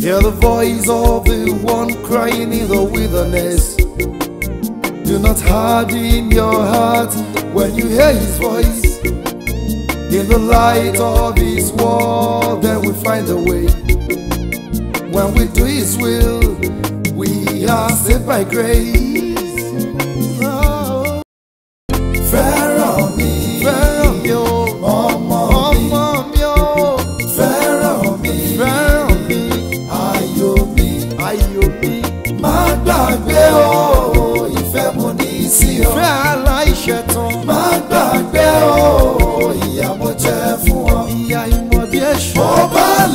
Hear the voice of the one crying in the wilderness. Do not harden your heart when you hear his voice. In the light of his word, then we find a way. When we do his will, we are saved by grace.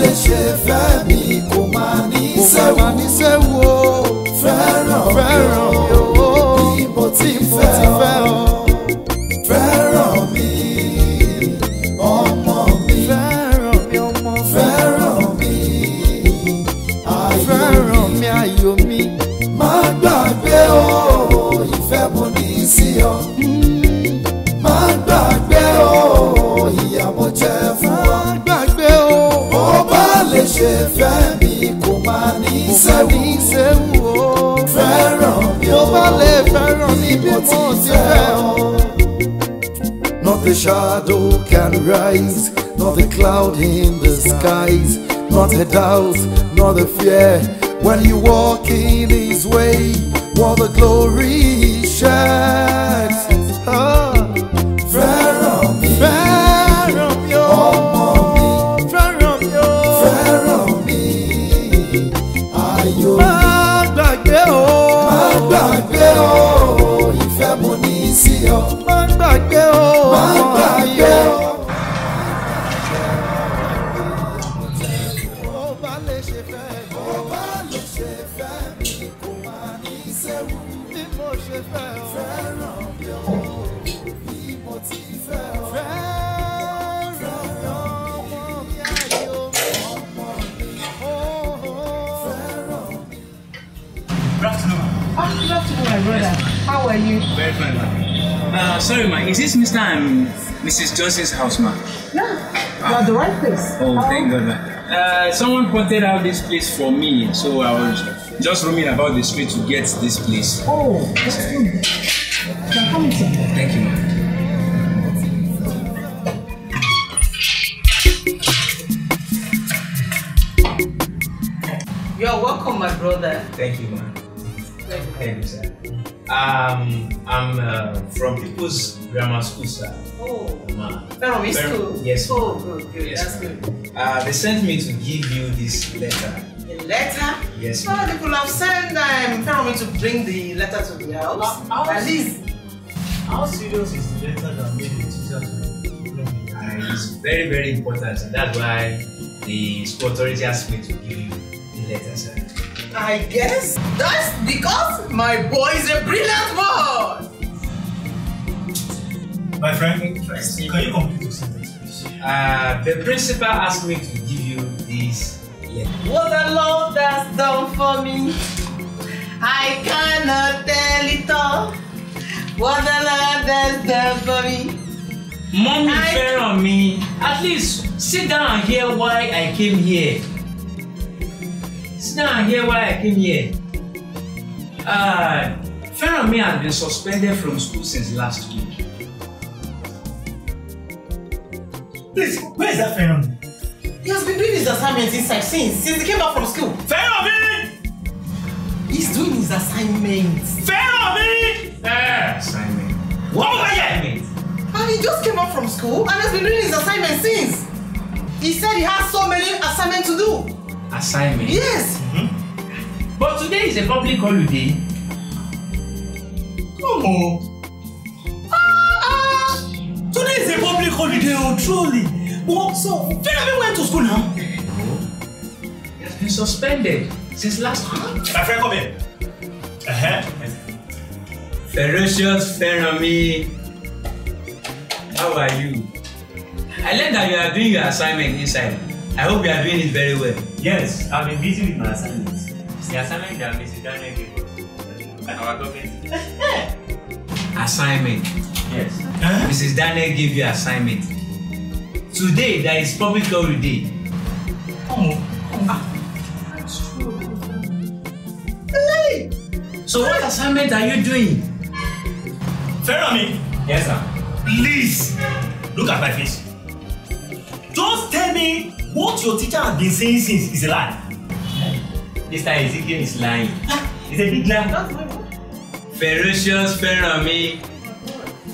mexer Not the shadow can rise, not the cloud in the skies, not the doubt, not the fear. When you walk in His way, what the glory shared. phone man. Uh, sorry, man. Is this Mr. and Mrs. Joseph's house, man? Yeah. you are the right place. Oh, How thank God, man. Uh, someone pointed out this place for me, so I was just roaming about the street to get this place. Oh, that's good. Thank you, man. You're welcome, my brother. Thank you, man. Thank you, sir. Um, I'm uh, from People's Grammar School, sir. Oh. Um, From school. Yes. Oh, good, good. Yes, That's good. Uh, they sent me to give you this letter. A letter? Yes. Oh, they could have sent um, Ferromy to bring the letter to the house. How, At least. How serious is the letter that made the teacher uh, It's very, very important. That's why the school authority asked me to give you the letter, sir. I guess that's because my boy is a brilliant boy. My friend, can you complete this sentence? Uh, the principal asked me to give you this. Yeah. What a love that's done for me. I cannot tell it all. What a love that's done for me. Mommy, I... fair on me. At least sit down and hear why I came here. It's now here hear why I came here. Uh, Ferranmi has been suspended from school since last week. Please, where is that Ferranmi? He has been doing his assignments inside since, since he came back from school. Ferranmi! He's doing his assignments. Ferranmi! yeah, uh, assignment. What was assignment? And he just came back from school and has been doing his assignments since. He said he has so many assignments to do assignment. Yes. Mm-hmm. But today is a public holiday. Come on. Ah, ah. Today is a public holiday, oh, truly. But so, Fẹ́mi went to school now. He has been suspended since last month. My friend, come here. Uh-huh. Ferocious Ferami, how are you? I learned that you are doing your assignment inside. I hope you are doing it very well. Yes, I've been busy with my assignments. The assignment that Mrs. Daniel gave our government. assignment. Yes. Huh? Mrs. Daniel gave you assignment. Today, that is public holiday. Oh. Ah. That's true. Hey! So what assignment are you doing? Fair me. Yes, sir. Please, look at my face. Just tell me What your teacher has been saying since is a lie. Mr. Ezekiel is lying. It's a big lie. Ferocious Ferami.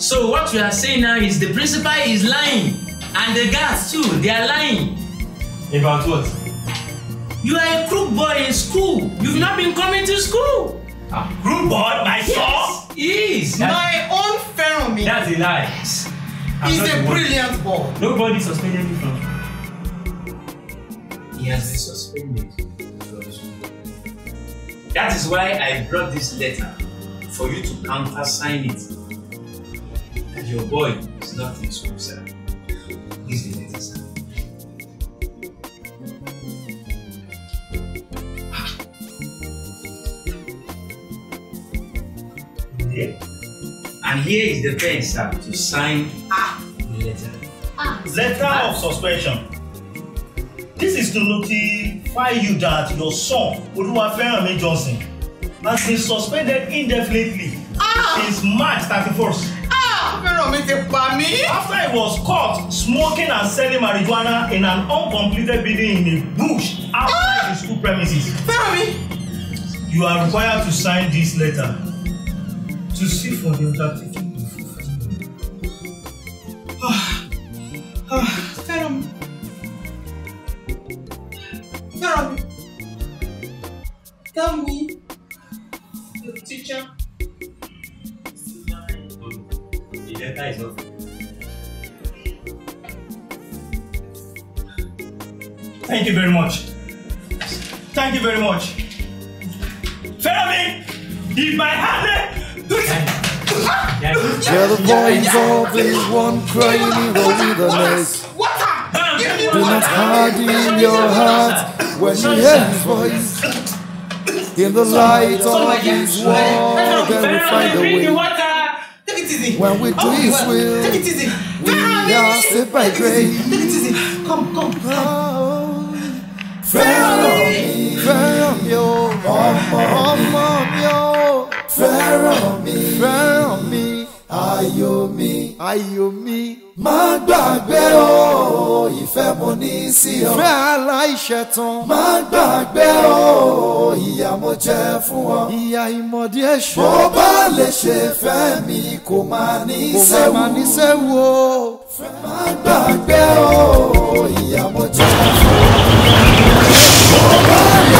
So what you are saying now is the principal is lying and the guards too, they are lying. About what? You are a crook boy in school. You've not been coming to school. Ah, crook boy? My yes, son? Yes, that's, my own Ferami. That's a lie. He's a brilliant boy. Nobody suspended me from he has been suspended. That is why I brought this letter for you to countersign it. That your boy is not in school, sir. Here's the letter, sir. Yeah. And here is the pen, sir, to sign ah, the letter. Ah. Letter ah. of suspension. This is to notify you that your son, Oluwafẹ́rànmi Johnson, has been suspended indefinitely ah! since March 31 first. Ah! Fẹ́rànmi ti pa mí. After he was caught smoking and selling marijuana in an uncompleted building in a bush outside ah! the school premises. Fẹ́rànmi. You are required to sign this letter to see for the undertaking of Ah! Ah! Fẹ́rànmi. Tell me. Tell me. The teacher. The letter is not. Thank you very much. Thank you very much. Fermi! If my hand yeah, the voice of this one crying over the next. Do not harden your heart when you hear his voice in the light of his word, then we find a way. When we do his oh, will, we are saved by grace. Come, come, come. Fẹ́ràn mi, fẹ́ràn mi o, ọmọ ọmọ mi o, ayọ̀ mi. Má gbàgbé o, ìfẹ́ mo ní sí ọ. Ìfẹ́ aláìṣẹ̀tàn. Má gbàgbé o, ìyà mo jẹ fún ọ. Ìyà ìmọ̀dí ẹ̀ṣẹ̀. Bó bá lè ṣe fẹ́ mi, kò máa ní sẹ́wù. Kò máa ní sẹ́wù o. Má gbàgbé o, ìyà mo jẹ fún ọ. Bó bá lè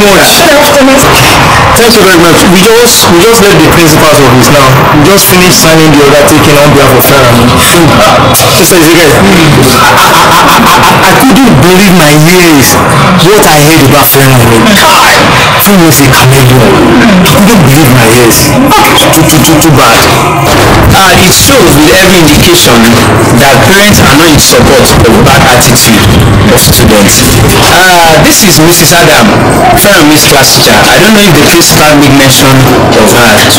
much. you, very much. We just we just left the principal's office now. We just finished signing the order taking on behalf of family. Sister I couldn't believe my ears what I heard about family. He was a chameleon. I couldn't believe my ears. Too, too, too, too bad. Uh, it shows with every indication that parents are not in support of bad attitude of students. Uh, this is Mrs. Adam why I miss class I don't know if the principal made mention of her. Yes, that is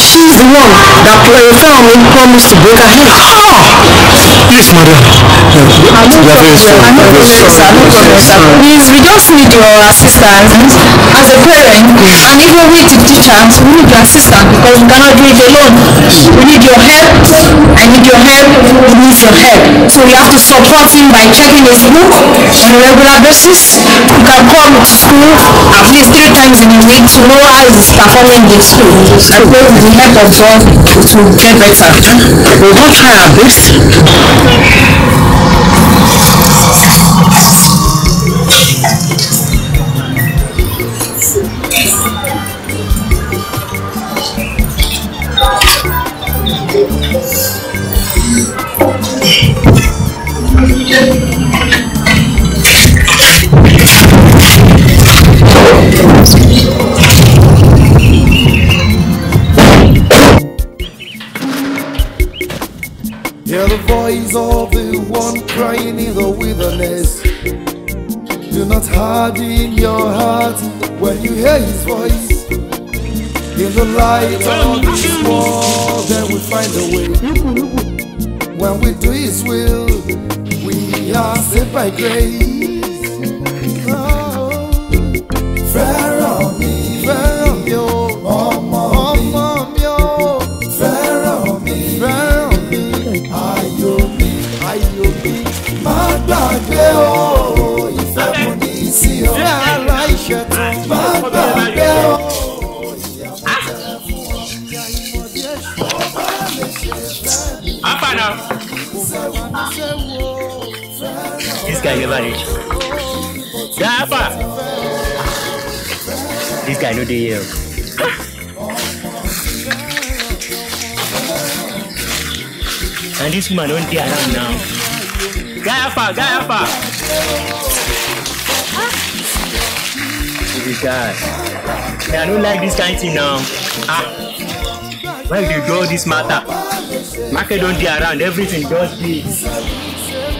she's the one that Farami uh, promised to break her head. Ah! Please, madam. Please, we just need your assistance as a parent and even we, the teachers, We need your assistance because we cannot do it alone. We need your help. I need your help. We need your help. So we have to support him by checking his book on a regular basis. You can come to school at least three times in a week to know how is performing in school. I pray with the help of God it get better. We will not try our best. of the one crying in the wilderness. Do not harden your heart when you hear his voice. In the light of His world, then we find a way. When we do his will, we are saved by grace. This guy never reach. Dapa! This guy no dey here. And this woman don't dey around now. Gaiafa, Gaiafa! This guy. I don't like this kind of thing now. Ah. Why they do all this matter? market don dey around everything just dey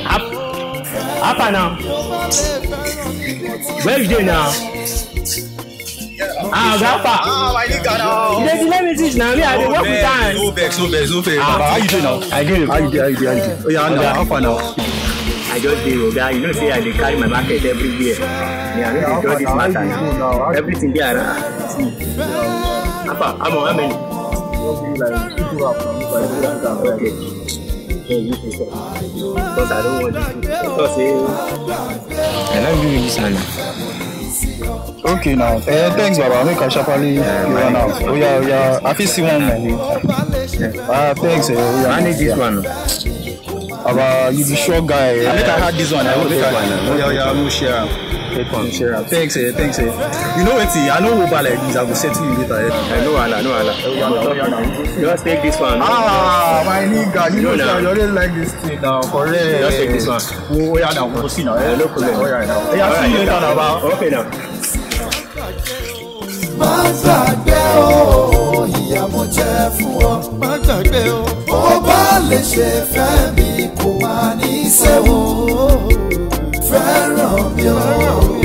up up and down where you dey now ah oga pa ah, you dey delay me teach na me i dey work with hand. no vex no vex no vex baba ah, how you dey now. i dey how you dey how you dey how you dey oya now how far now. i just dey oga you know say i dey carry my market everywhere me i no dey draw this matter everything dey around. Hmm. how far how many nobody like people Okay now. Eh, thanks, Baba. Make a sharply. Yeah, you are now. Oh yeah, oh yeah. I feel see one more. Ah, thanks. Eh, oh, yeah. I need this one. Baba, you be sure guy. Yeah. Make I had this one. I will take one. Oh yeah, oh yeah. I'm sure. Take one. Thanks, eh, thanks, eh. You know what? Eh, I know Uber like this. I will settle you later. Eh? I know Allah, know Allah. You just take this one. Ah, my nigga, you, you know, know you already like this thing now. Correct. Just take this one. Oh, oh yeah, now we'll see now. Eh? No problem. Oh yeah, now. Yeah, see you later now. Okay now. Má gbàgbé o, ìyà mo jẹ fún ọ. Má gbàgbé o. Ó bá lè ṣe fẹ́ mi kò máa ní sẹ́wọ̀n. Pharaoh,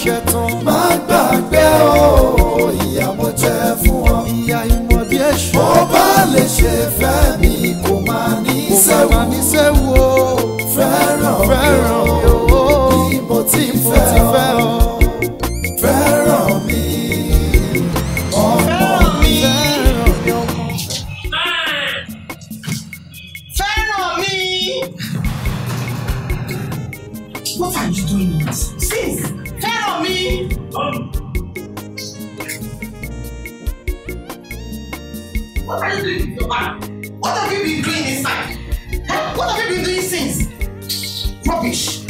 ṣetán. má gbàgbé o ìyà mo jẹ fún ọ. ìyà ìmọ̀dí èṣù. bó bá lè ṣe fẹ́ mi kò máa ní sẹ́wọ̀. kò máa ní sẹ́wọ̀. fẹ́ràn fẹ́ràn. back. What have you been doing inside? Huh? What have you been doing since? Rubbish.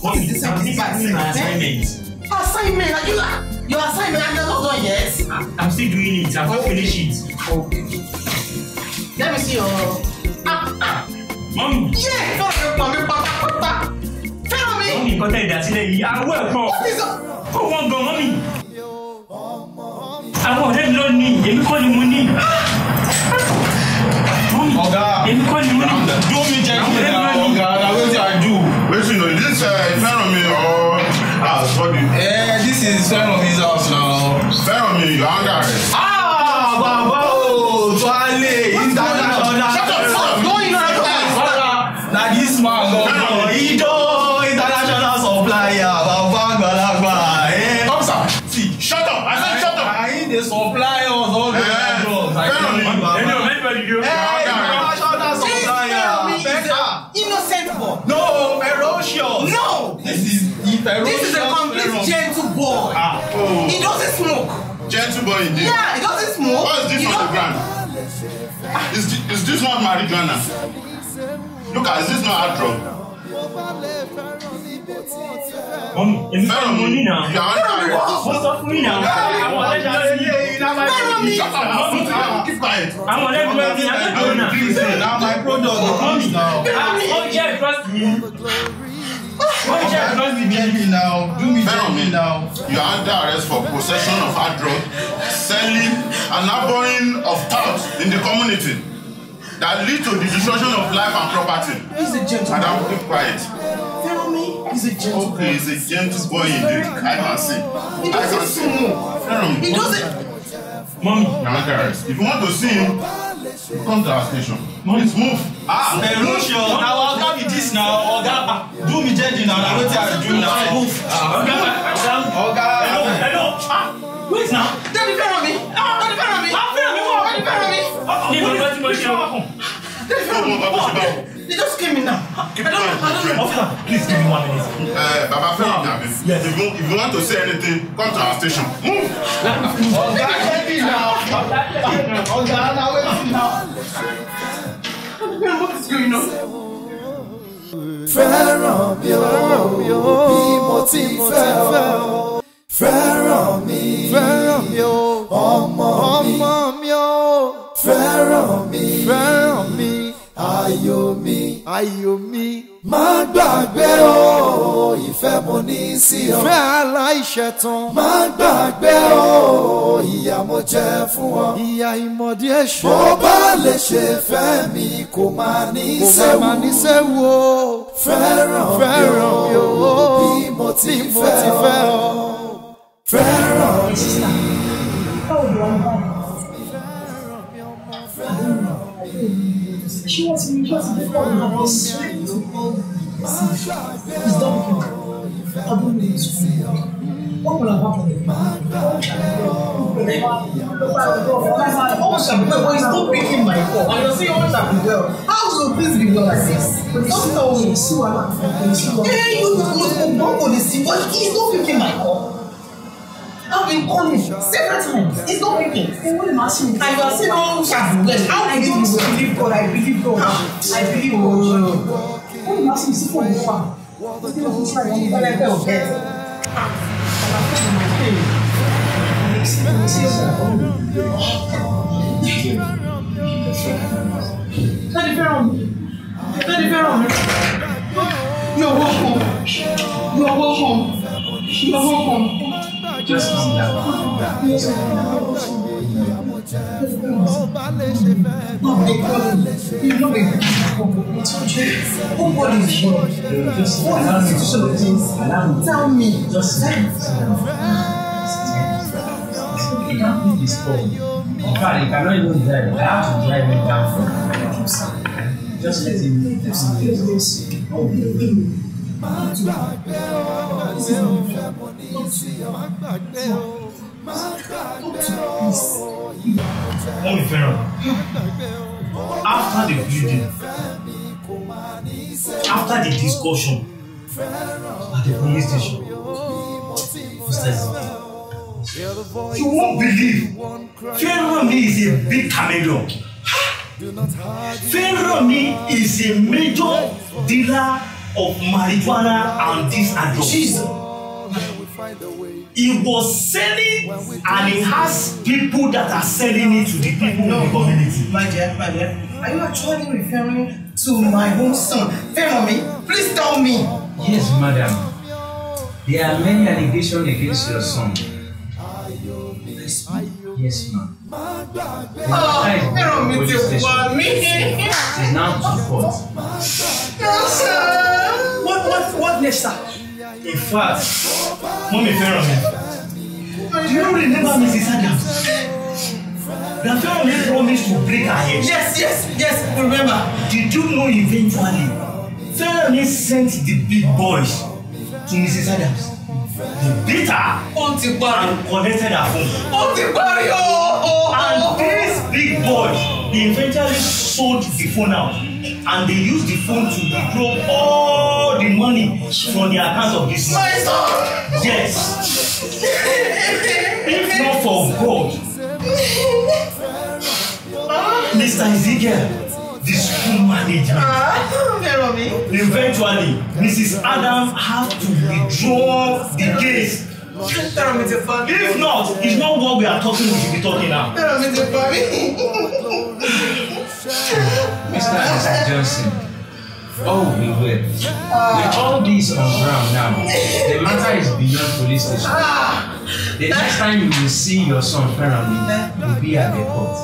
What is this? I'm this my eh? assignment. Assignment? Are you your assignment? I'm not done yet. I'm still doing it. I'm not finished it. Okay. Let me see your. Ah, ah. Mom. Yeah. Fẹ́ràn mi pa mi pátápátá. Fẹ́ràn mi. Mọ́mí nǹkan tẹ̀ ìdásílẹ̀ yìí, àwọ̀ ẹ̀pọ̀. What is that? Kó wọ́n gan mommy àwọn ọ̀rẹ́ mi ló ní èmi kọ́ ni mo ní. ọ̀gá èmi kọ́ ni mo ní. dùn mí jẹ́ kí ẹ ọ̀gá na wetin i do. wetin o dis Fẹ́rànmi or ah, eh, house for the. ẹ dis is Fẹ́rànmi's house na. Fẹ́rànmi your anger. gentle boy. Ah. Oh. He doesn't smoke. Gentle boy indeed. Yeah, he doesn't smoke. What is this he on the ground? Is this, is this not marijuana? Look at is this not hard drug? Mọ̀mí, èmi fẹ́ mo ní nà. Mo sọ fún yín nà. Àwọn ọ̀lẹ́dẹ̀ ló ní èyí náà máa ń bí. Mọ̀mí, àwọn ọ̀lẹ́dẹ̀ ló ní àgbẹ̀dọ̀ nà. Mọ̀mí, ó jẹ́ ìfọ́sí. You are under arrest for possession of hard drugs, selling and harboring of thoughts in the community that lead to the destruction of life and property. He's a gentleman. Madam, keep quiet. Tell me, he's a gentleman. Okay, he's a gentle boy indeed. I can see. He doesn't I can see. Fẹ́rànmi. He doesn't. Mommy. You're under arrest. If you want to see him, Come to our station. No, move. Ah, Perusion. Now, I'll tell you this now. Oga, do me judging now. I don't think I do now. Move. Oga, Oga. Hello, hello. Ah, wait now. Don't depend on me. Ah, don't depend on me. Ah, don't depend on me. Don't depend on me. Ah, don't depend on me. They found me. What? They just came in now. Keep I don't, I don't know. Officer, please give me one minute. Uh, Baba Femi now, Yes. If you, if you want to say anything, come to our station. Move. Oga, let me now. Oga, now wait now. What is going on? Fẹ́ràn mi ó bí mo ti fẹ́ ọ́. Fẹ́ràn mi ọmọ mi. Fẹ́ràn mi ó fẹ́ràn mi ayọ̀ mi. ayọ̀ mi. má gbàgbé o ìfẹ́ mo ní sí ọ. ìfẹ́ aláìṣẹ̀tàn. má gbàgbé o ìyà mo jẹ fún ọ. ìyà ìmọ̀dí ẹ̀ṣẹ̀. bó bá lè ṣe fẹ́ mi kò máa ní sẹ́wó. kò máa ní sẹ́wó. fẹ́ràn mi o bí mo ti fẹ́ ọ. fẹ́ràn mi. she wants me, she wants me to come and go straight to It's done. I don't need to see her. What will have happened? All shall be well, but it's not picking my call. And you're see all shall be well. How should this be well like this? Don't tell me. Hey, you don't go to the bottom of the not breaking my call. I've been calling several times. It's not working. And you was saying, oh, yes, how did you believe God? I believe God. I believe God. What you asking me? See for me, fam. It's not going to try. I'm going to tell you. Daddy Veron, Daddy Veron, you're welcome. You're welcome. You're welcome ọba lè ṣe fẹ́ ọba lè ṣe fẹ́ tell me just You can't do this phone. In fact, you cannot even drive. I have to drive it down from my Just let him live some years. Oh, sí má gbàgbé o má gbàgbé o ìyàwó jẹ́ fẹ́ràn after the bleeding after the discussion at the police station mr zidane. You won't believe. Pharaoh is a big chameleon. Pharaoh is a major dealer of marijuana and this and drugs. He was selling and he has people that are selling it to the people no, in the community. My dear, my dear, are you actually referring to my own son? Fẹ́rànmi, please tell me. Yes, madam. There are many allegations against your son. Yes, ma'am. Yes, ma'am. Oh, Fẹ́rànmi ti wà mí. It now to court. Yes, sir. What, what, what next, sir? in fact mọ́mí fẹ́ràn mi do you remember mrs adams na fẹ́ràn mi promise to break her head. yes yes yes remember. did you know eventually fẹ́ràn mi sent the big boys to mrs adams the bitter. ó ti parí. and connected her phone. ó ti parí o. and this big boy eventually sold the phone out and they used the phone to grow all the money from the account of this man. Yes. If not for God, Mr. Ezekiel, the school manager. Eventually, Mrs. Adam had to withdraw the case. If not, it's not what we are talking, we should be talking now. Mr. Mr. Johnson. all we were. With all these on ground now, the matter is beyond police station. Ah. The next time you will see your son finally, will be at the court.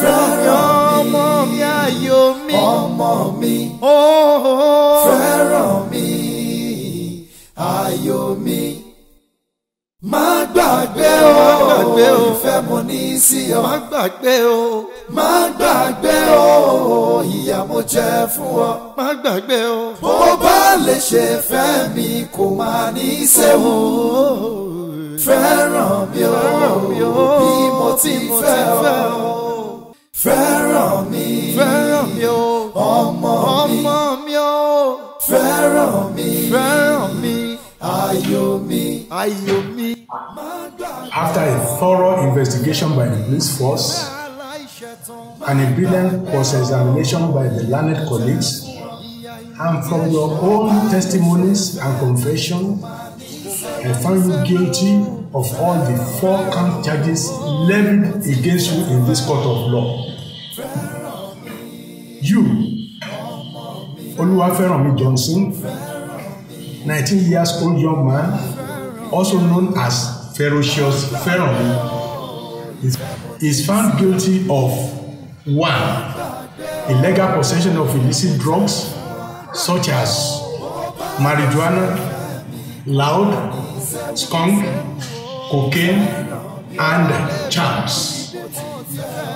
fẹ́ràn ọmọ mi ayọ̀ mi ọmọ mi oh. fẹ́ràn mi ayọ̀ mi má gbàgbé o ìfẹ́ mo ní sí ọ má gbàgbé o má gbàgbé o ìyà mo jẹ fún ọ má gbàgbé o bó bá lè ṣe fẹ́ mi kò máa ní sẹ́wọ̀n oh. fẹ́ràn mi o bí mo ti fẹ́ ọ fẹ́ràn mi fẹ́ràn mi o ọmọ mi ọmọ mi o fẹ́ràn mi fẹ́ràn mi ayọ̀ mi ayọ̀ mi. After a thorough investigation by the police force and a brilliant cross-examination by the learned colleagues, and from your own testimonies and confession, I find you guilty of all the four count charges levied against you in this court of law you Olúwafẹ́rànmi Johnson nineteen years old young man also known as Ferocious Fẹ́rànmi is, is found guilty of one illegal possession of illicit drugs such as marijuana, loud, skunk, cocaine, and charms.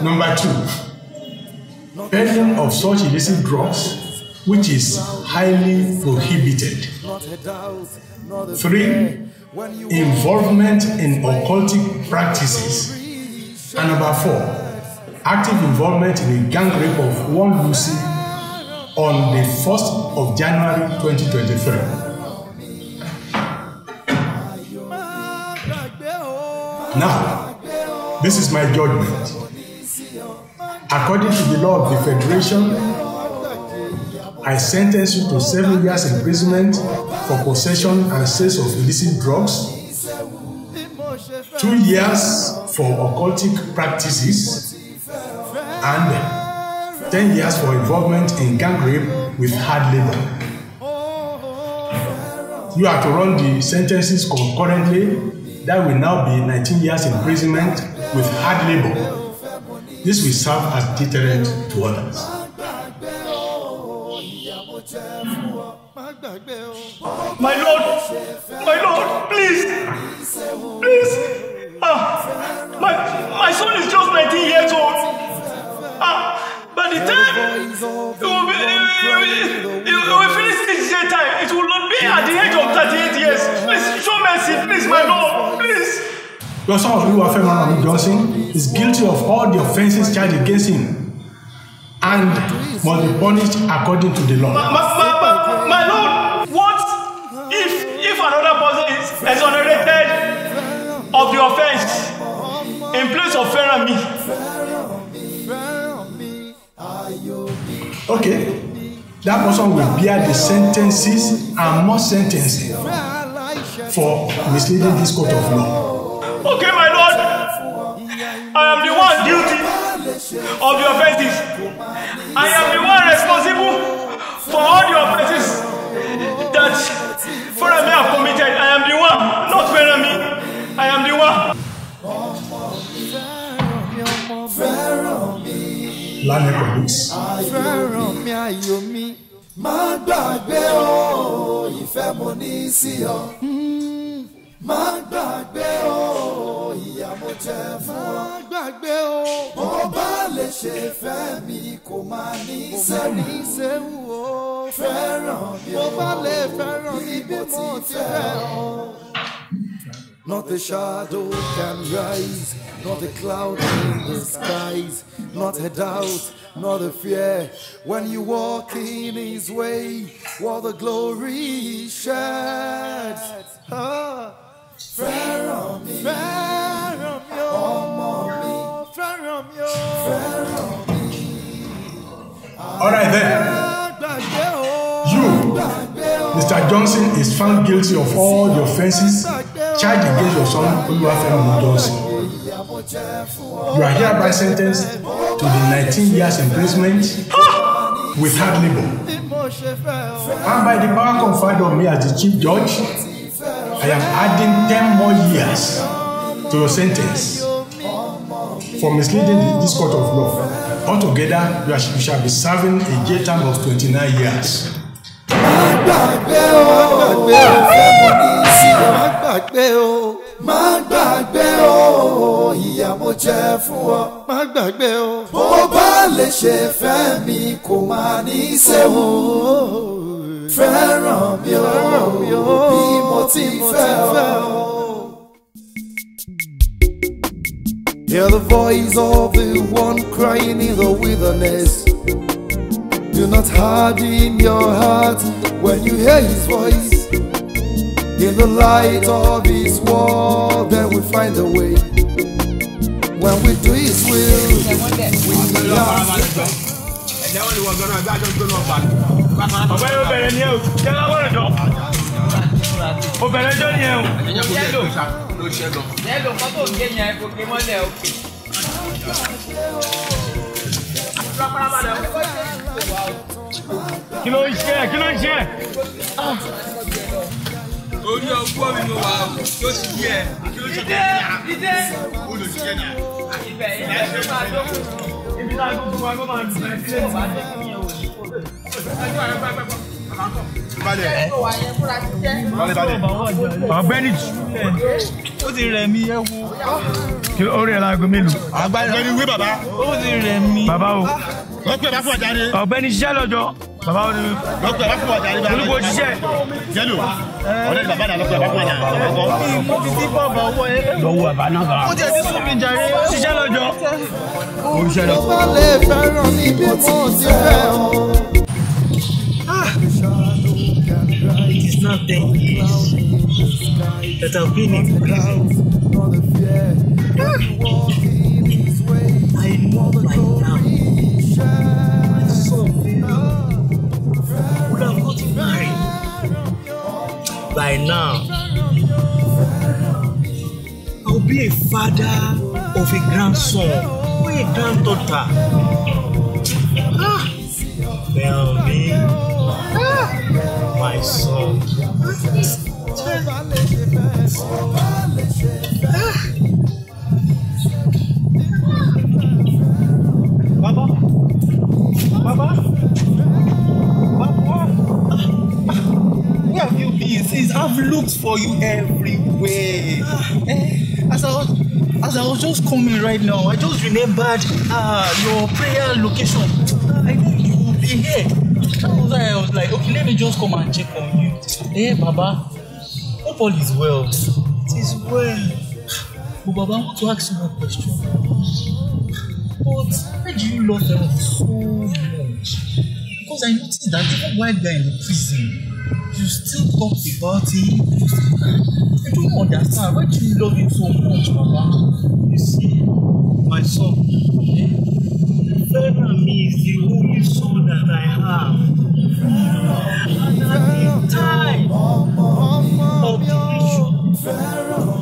Number two. Burning of such illicit drugs, which is highly prohibited. 3. Involvement in occultic practices. And number 4. Active involvement in a gang rape of one Lucy on the 1st of January 2023. Now, this is my judgment. According to the law of the Federation, I sentence you to seven years imprisonment for possession and sales of illicit drugs, two years for occultic practices, and ten years for involvement in gang rape with hard labor. You are to run the sentences concurrently. That will now be 19 years imprisonment with hard labor. This will serve as deterrent to others. My Lord, my Lord, please, please. Ah, my, my son is just 19 years old. Ah, by the time it will, be, it will, it will finish this year time, it will not be at the age of 38 years. Please show mercy, please, my Lord, please. Because some of you are Femi Johnson is guilty of all the offences charged against him and must be punished according to the law. My, my, my, my lord, what if if another person is exonerated of the offence in place of Femi? Okay, that person will bear the sentences and more sentences for misleading this court of law. Okay, my Lord, I am the one guilty of your offenses. I am the one responsible for all your offenses that Fẹ́rẹ̀mí have committed. I am the one, not Fẹ́rẹ̀mí. I am the one. Lálẹ́ pẹ̀lú ìsìn. Fẹ́ràn mi ayọ̀ mi. Má gbàgbé o, ìfẹ́ mo ní sí ọ. Hmm. gbàgbé o ọ. má gbàgbé o. bó bá lè ṣe fẹ́ mi kò máa ní sẹ́wù o. ba le se fe mi ko maa ni sewu o feran mi o. bá lè fẹ́ràn mi bí mo ti fẹ́ ọ. Not a shadow can rise, not a cloud in the skies, not a doubt, not a fear. When you walk in His way, what the glory sheds. Ah. fẹ́ràn mi fẹ́ràn mi o ọmọ mi fẹ́ràn mi o fẹ́ràn mi. All right then. You, Mr. Johnson, is found guilty of all the offences charged against your son Oluwafemi Johnson. You are hereby sentenced to the 19 years imprisonment with hard labor. And by the power conferred on me as the chief judge, I am adding ten more years to your sentence for misleading this court of law. Altogether, you, are, you shall be serving a jail term of twenty-nine years. Má gbàgbé o, má jẹ fún ọ. Má gbàgbé o. Bó bá lè ṣe fẹ́ mi kò máa ní í ṣe wò. fẹ́ràn mi ó bí mo ti fẹ́ ọ. Hear the voice of the one crying in the wilderness. Do not hide in your heart when you hear his voice. In the light of his word, then we find a way. When we do his will, we are. lẹ́wọ̀n kí ló ń ṣe kí ló ń ṣe orí ọgbọ́n mi ló wà o yóò ti yẹ kí ló ṣe kí ẹ. ìdè ìdè olùdíje náà. àti bẹ́ẹ̀ ọ̀gbẹ́ni ó ti rẹ̀ mí ẹ wo. ó rẹ̀ láago mélòó. ọ̀gbẹ́ni wí bàbá. ó ti rẹ̀ mí. bàbá o. ó pè bá fọ̀ jáde. ọ̀gbẹ́ni ṣiṣẹ́ lọ́jọ́ bàbá wọn ni. lọ́kùnrin bàbá fún wa jà ní bàbá. olùkọ́ jíjẹ́. jẹ́lu ọ̀rẹ́ ni bàbá náà lọ́kùnrin bàbá fún wa jà. mo fi sí bọ́ọ̀bù ọwọ́ ẹ. lọ́wọ́ bàbá náà kan. ó jẹ́ sísun mi jàre. ṣiṣẹ́ lọ́jọ́. ó ṣiṣẹ́ lọ. mo lè fẹ́ràn níbi mo ti fẹ́ ọ. Ah! It is not ten years that I've been in prison. Ah! I know by now by now. I'll be a father of a grandson or a granddaughter. Ah, me, ah, my son. Ah. Baba, Baba. is I've looked for you everywhere. Ah, eh, as I was, as I was just coming right now, I just remembered uh, your prayer location. Ah, I know you will be here. That was why I was like, okay, let me just come and check on you. Hey, eh, Baba, hope all is well. It is well. But Baba, I want to ask you one question. But why do you love her so much? Because I noticed that even while they're in the prison, you still talk about it you still you don't understand why do you love him so much baba you see my son eh fẹ́ràn mi is the only son that I have and at the time of the issue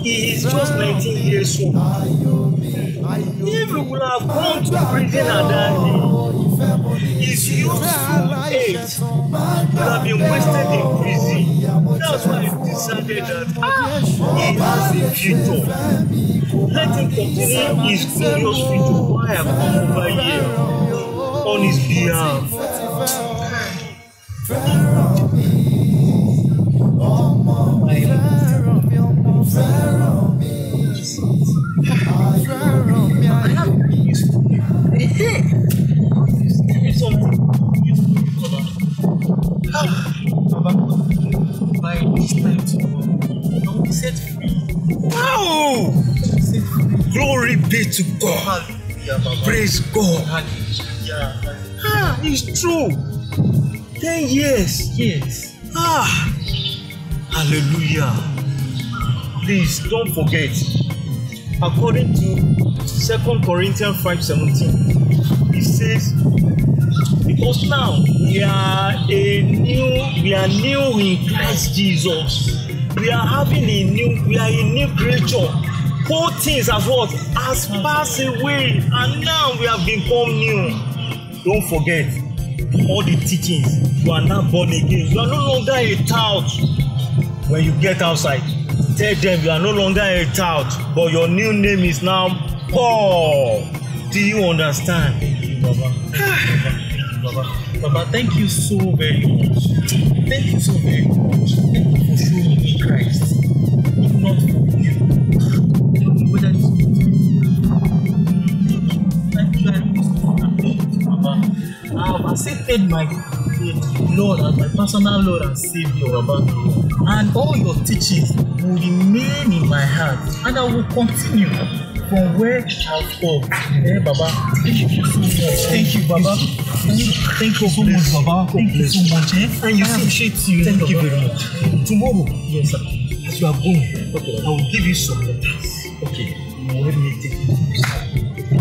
he is just nineteen years old if we would have gone to prison at that day. Is useful aid that have been wasted in prison. That's why he decided that ah, he has a future. Let him continue his glorious future. Why have come over here on his behalf? Baba God, by this time tomorrow, I set free. Wow! Set free. Glory be to God. Hallelujah, Praise God. Hallelujah. Ah, it's true. Ten years. Yes. Ah. Hallelujah. Please don't forget. According to 2 Corinthians 5:17, it says Because now we are a new, we are new in Christ Jesus. We are having a new, we are a new creature. Old things as what has passed away, and now we have become new. Don't forget all the teachings. You are now born again. You are no longer a tout. When you get outside, tell them you are no longer a tout, but your new name is now Paul. Do you understand? Thank you, Baba. Baba. Baba, thank you so very much. Thank you so very much. Thank you for showing me Christ. If not for you, I don't know whether this would I'm Baba. I have accepted my Lord as my personal Lord and Savior, Baba. And all your teachings will remain in my heart and I will continue. from where I fall. Hey, eh, Baba. Thank you so much. Thank you, Baba. Thank you so much, Baba. Thank you so much. Eh? And you appreciate you. Thank you very much. Tomorrow, yes, sir. As you are going, okay. I will give you some letters. Okay. You will me take it.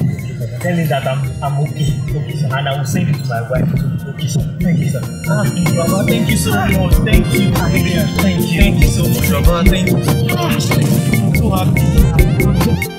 Tell him that I'm, I'm okay. Okay, sir. And I will send it to my wife too. Okay, sir. Thank you, sir. Ah, Baba, thank you so ah. much. Thank you. Thank you. Thank you so much, Baba. Thank you. Ah. so happy.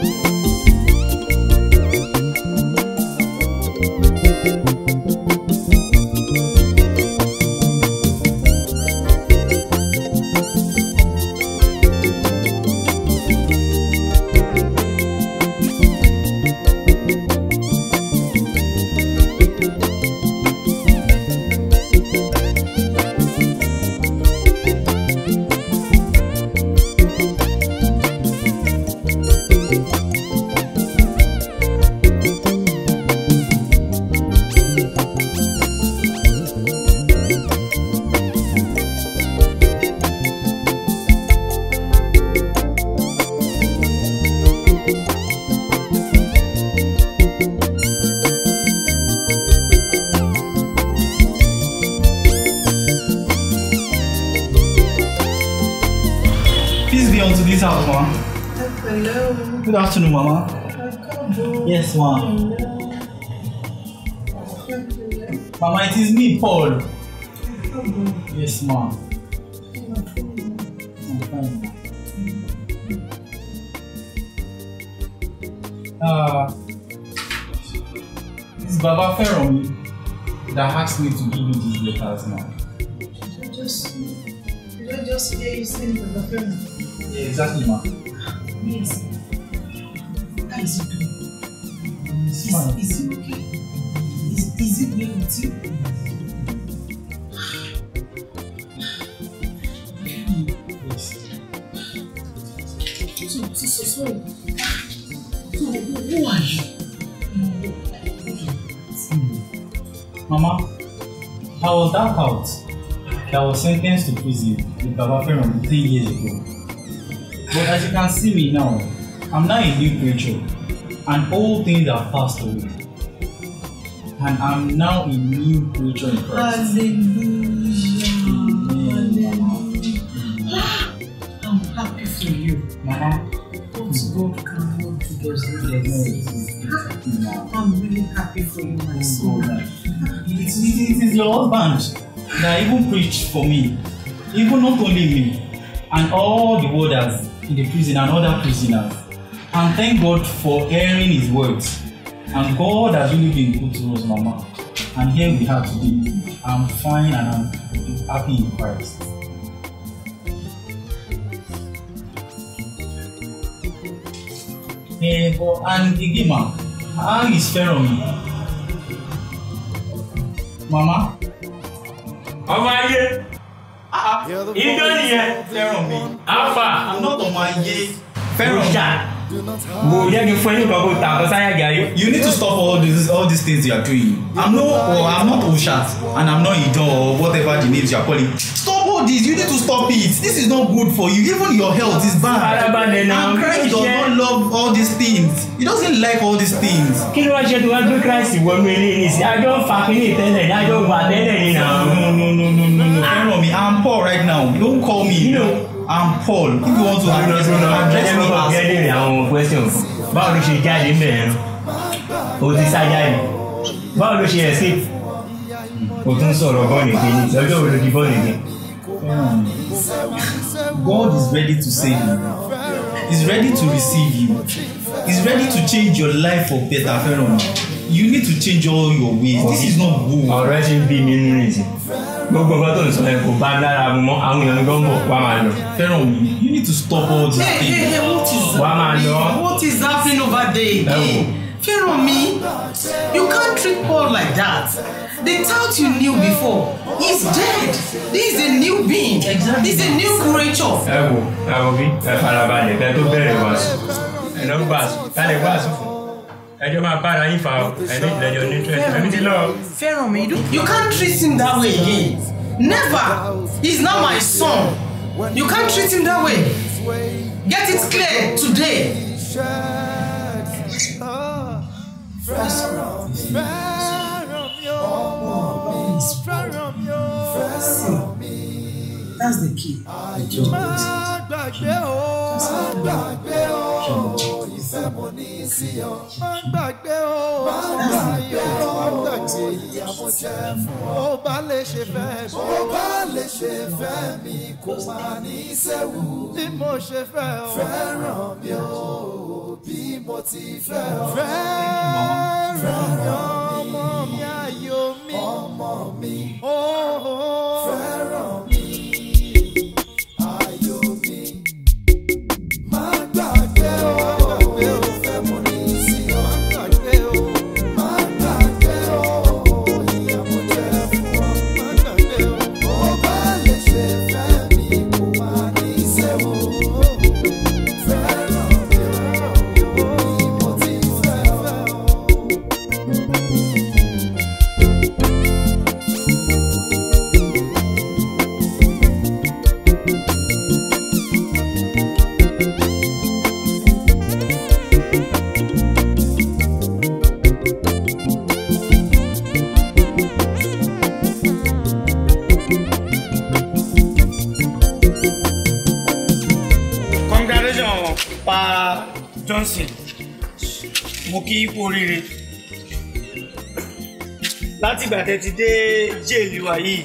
small. Uh, ah, it's Baba Feromi that asked me to give you this these letters now. Just, you don't just hear you saying Baba Feromi. Yeah, exactly, ma. who are you? Mama, I was that out. I was sentenced to prison with Baba Ferron three years ago. But as you can see me now, I'm now a new creature, and all things are passed away. And I'm now a new creature in Christ. Hallelujah. I'm really happy for you, my son. It, it is your husband that even preached for me, even not only me, and all the warders in the prison and other prisoners. And thank God for hearing his words. And God has really been good to us, Mama. And here we are today. I'm fine and I'm happy in Christ. Hey, eh, and Igima, Alice Mama? mi. Màmá. Ọmọ ayé. Ah, ah. Idán nìyẹn. Fẹ́ràn me. Alpha. I'm not ayé. Fẹ́ràn mi. Wo jẹ́ kí n fún ẹ ní ìgbàgbọ́ ta àkọ́ sáyà gàrí. You need to stop all these all these things you are doing. I'm no or oh, I'm not Oshat and I'm not Idan or whatever the names you are calling hold this you need to stop it this is not good for you even your health is bad and Christ does not love all these things he doesn't like all these things. kí ló wá ṣe tó wá gbé Christ wọnú ilé ní sí àjọ fàkínì tẹ́lẹ̀ àjọ wà tẹ́lẹ̀ ní nà. no no no no no no fẹ́ràn ah, mi I'm poor right now don't call me you know, I'm poor. if you want to address me address me as. ọ̀gá ẹ̀dẹ̀ àwọn questions báwo ló ṣe jáde mẹ́rin o ti sá jáde báwo ló ṣe escape o tún sọ̀rọ̀ bọ́ọ̀lù kejì lọ́jọ́ wo ló di bọ́ọ̀lù kejì. Mm. God is ready to save you. He's ready to receive you. He's ready to change your life for better. Fẹ́ràn you need to change all your ways. This is not good. ọ̀rẹ́ ṣe ń bí mi nínú ìsìn gbogbo ọgbà tó ń sọ yẹn kò bá dára mu mọ́ àwọn èèyàn gbọ́n bọ̀ wá máa lọ. fẹ́ràn mi you need to stop all these hey, things. Hey, hey, what is wá máa lọ. what is happening over there again? fẹ́ràn mi you can't treat Paul like that. The child you knew before is dead. This is a new being. Exactly. This is a new creature. Ẹ wo, ẹ wo bí ẹ farabalẹ̀ kẹ́ tó bẹ̀rẹ̀ wàásù. Ẹ lọ gbàásù, tálẹ̀ gbàásù fún. Ẹjọ́ máa bára yín fa ẹni ìlẹ́jọ́ ní twenty. Ẹbí ti lọ. Fẹ́ràn mi, you can't treat him that way again. Never. He's not my son. You can't treat him that way. Get it clear today. First round. that's the key. àjùmọ̀gbàgbé o gbàgbé o ìfẹ́mọ̀ ní síyọ. gbàgbé o gbàgbé o gbàgbé ìyàwó jẹ́ fún ọ. ó bá lè ṣe fẹ́ mi. ó bá lè ṣe fẹ́ mi kò máa ní sẹ́wù. bí mo ṣe fẹ́ o. fẹ́ràn mi o bí mo ti fẹ́ o. fẹ́ràn mi ọmọ mi ayọ̀ mi. ọmọ mi oh, oh, oh. fẹ́ràn mi. tẹlifíṣàn pa Johnson mo kí ipò oríire látìgbà tẹ ti dé jèèlì wa yìí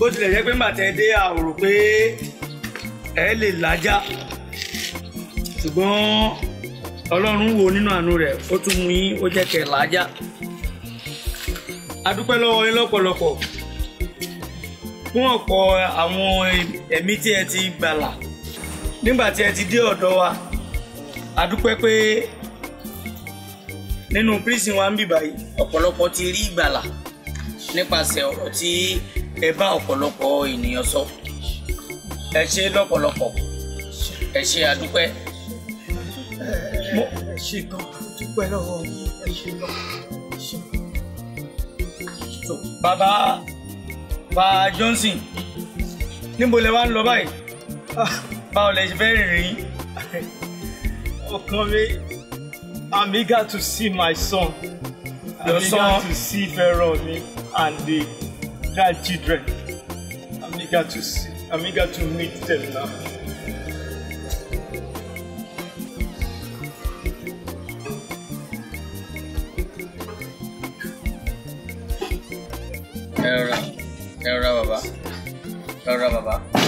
bó tilẹ̀ jẹ́ pé ńgbà tẹ dé àrò pé ẹ lè lájà ṣùgbọ́n Ọlọ́run wo nínú àánú rẹ̀ ó tún mú yín ó jẹ́ kẹ́ lájà a dúpẹ́ lọ́wọ́ yín lọ́pọ̀lọpọ̀ fún ọ̀pọ̀ àwọn ẹ̀mí tí ẹ ti gbàlà nígbà tí ẹ ti dé ọ̀dọ̀ wa a dúpẹ́ pé nínú prison wa ń bì báyìí ọ̀pọ̀lọpọ̀ ti rí ìgbàlà nípasẹ̀ ọ̀rọ̀ tí ẹ bá ọ̀pọ̀lọpọ̀ ènìyàn sọ ẹ ṣe lọ́pọ̀lọpọ̀ ẹ ṣe a dúpẹ́. ẹ ṣe tán dúpẹ́ lọ́wọ́ ẹ ṣe tán. bàbá bàbá Johnson níbo lẹ wá ń lọ báyìí. Ah, báwo lẹ ṣe fẹ́ rìn ọkàn mi I'm eager to see my son your son I'm eager to see Feranmi and the grandchildren I'm eager to see I'm eager to meet them now. Ẹ rọra, Baba. rọra Baba.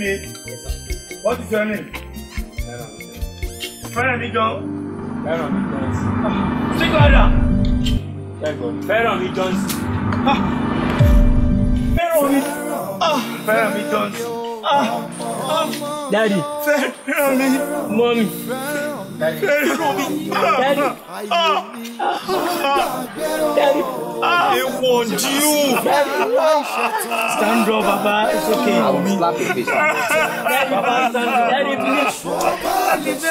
me? Yes, What is your name? Fẹ́rànmi John. Fẹ́rànmi Johnson. Ṣé kò dà? Fẹ́rànmi Johnson. Fẹ́rànmi. Fẹ́rànmi Johnson. Daddy. Fẹ́rànmi. Mọ́mí. Fẹ́rànmi. Daddy. Daddy. Ah, it won't you. stand up, Baba. It's okay. I will slap your face. Baba, stand up. Daddy, please.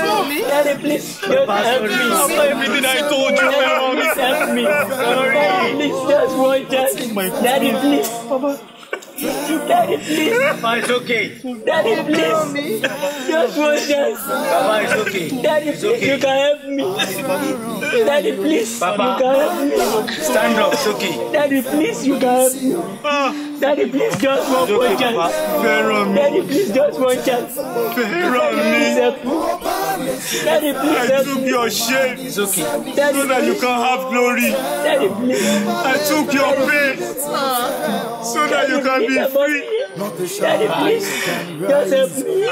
Daddy, please. Baba, help me. After everything I told you, Daddy, please help me. Sorry. Please, just one chance. Daddy, please. Baba. Daddy, please. Papa, it's okay. Daddy, please. Don't want this. Papa, it's okay. Daddy, it's okay. You can help me. Daddy, please. Papa, you can help me. Stand up, it's okay. Daddy, please, you can help me. Daddy, please, just one okay, chance. Papa. Daddy, please, just one chance. Daddy, please, help me. Daddy, please I took your shame it's okay. Daddy, so that you can have glory. Daddy, please. I took your pain. so that you can be free. Not the shadow.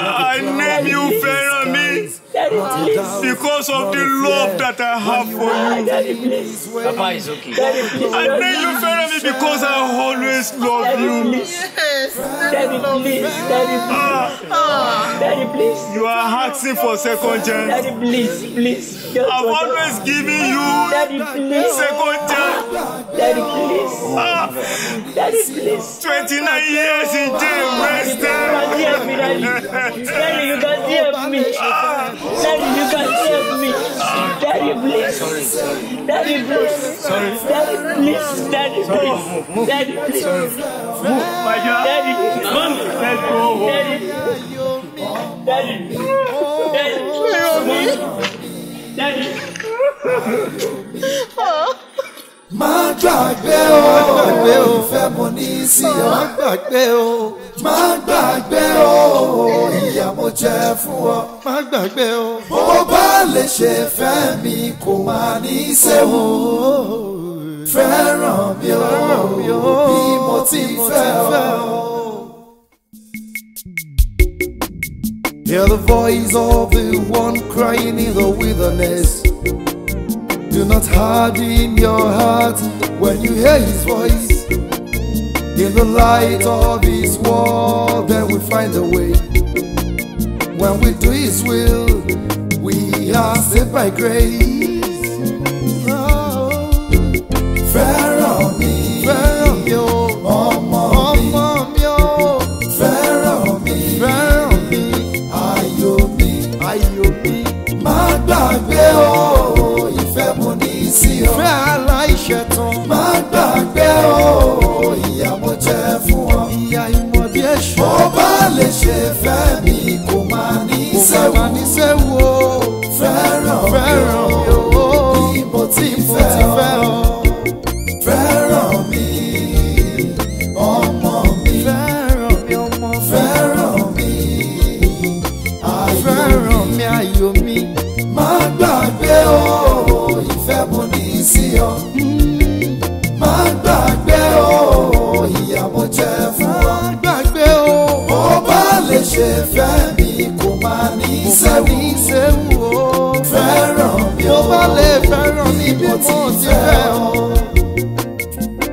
I name you Pharaoh. Daddy, please. Because of the love that I have for you. Daddy, please. Papa is okay. I pray you favor me because I always love Daddy, you. Yes. Daddy, please. Daddy, please. Ah. Daddy, please. You are asking for second chance. Daddy, please, please. I've always given you second chance. Daddy, please. Ah. Daddy, please. 29 years in jail, rest. You can hear me, Daddy. you can't hear me. Daddy, you can help me. Daddy, please. Daddy, please. Daddy, please. Daddy, please. Daddy, please. please. Daddy, please. Daddy, Daddy, let Daddy, go. Daddy, Daddy, Daddy, Daddy. Daddy. má gbàgbé o ìfẹ́ mo ní sí ọ má gbàgbé o má gbàgbé o ìyà mo jẹ fún ọ má gbàgbé o bó bá lè ṣe fẹ́ mi kò má ní sẹ́wọ̀n fẹ́ràn mi o bí mo ti fẹ́ ọ. Hear the voice of the one crying in the wilderness. Do not harden your heart when you hear his voice. In the light of his word, then we find a way. When we do his will, we are saved by grace. o ìyá mo jẹ fún ọ. ìyá ìmọ̀ bí èṣù. ọba lè ṣe fẹ́ mi kò máa ní sẹ́wọ̀.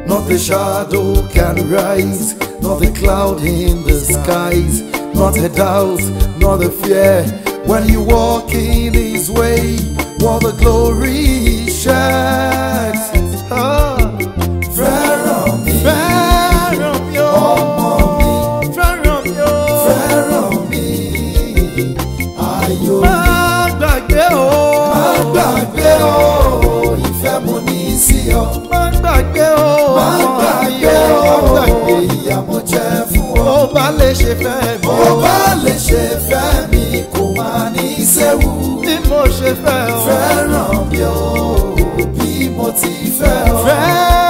Not a shadow can rise, not a cloud in the skies, not a doubt, not a fear. When you walk in His way, what the glory shine. bá lè ṣe fẹ́ mi. bó bá lè ṣe fẹ́ mi kò máa ní séwu. bí mo ṣe fẹ́ ọ. fẹ́ràn mi ò bí mo ti fẹ́ ọ. fẹ́ràn.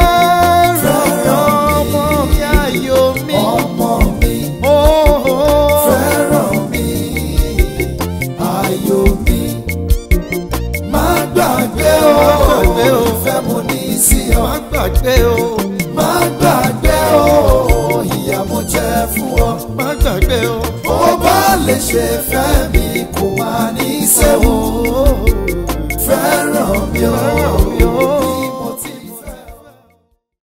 você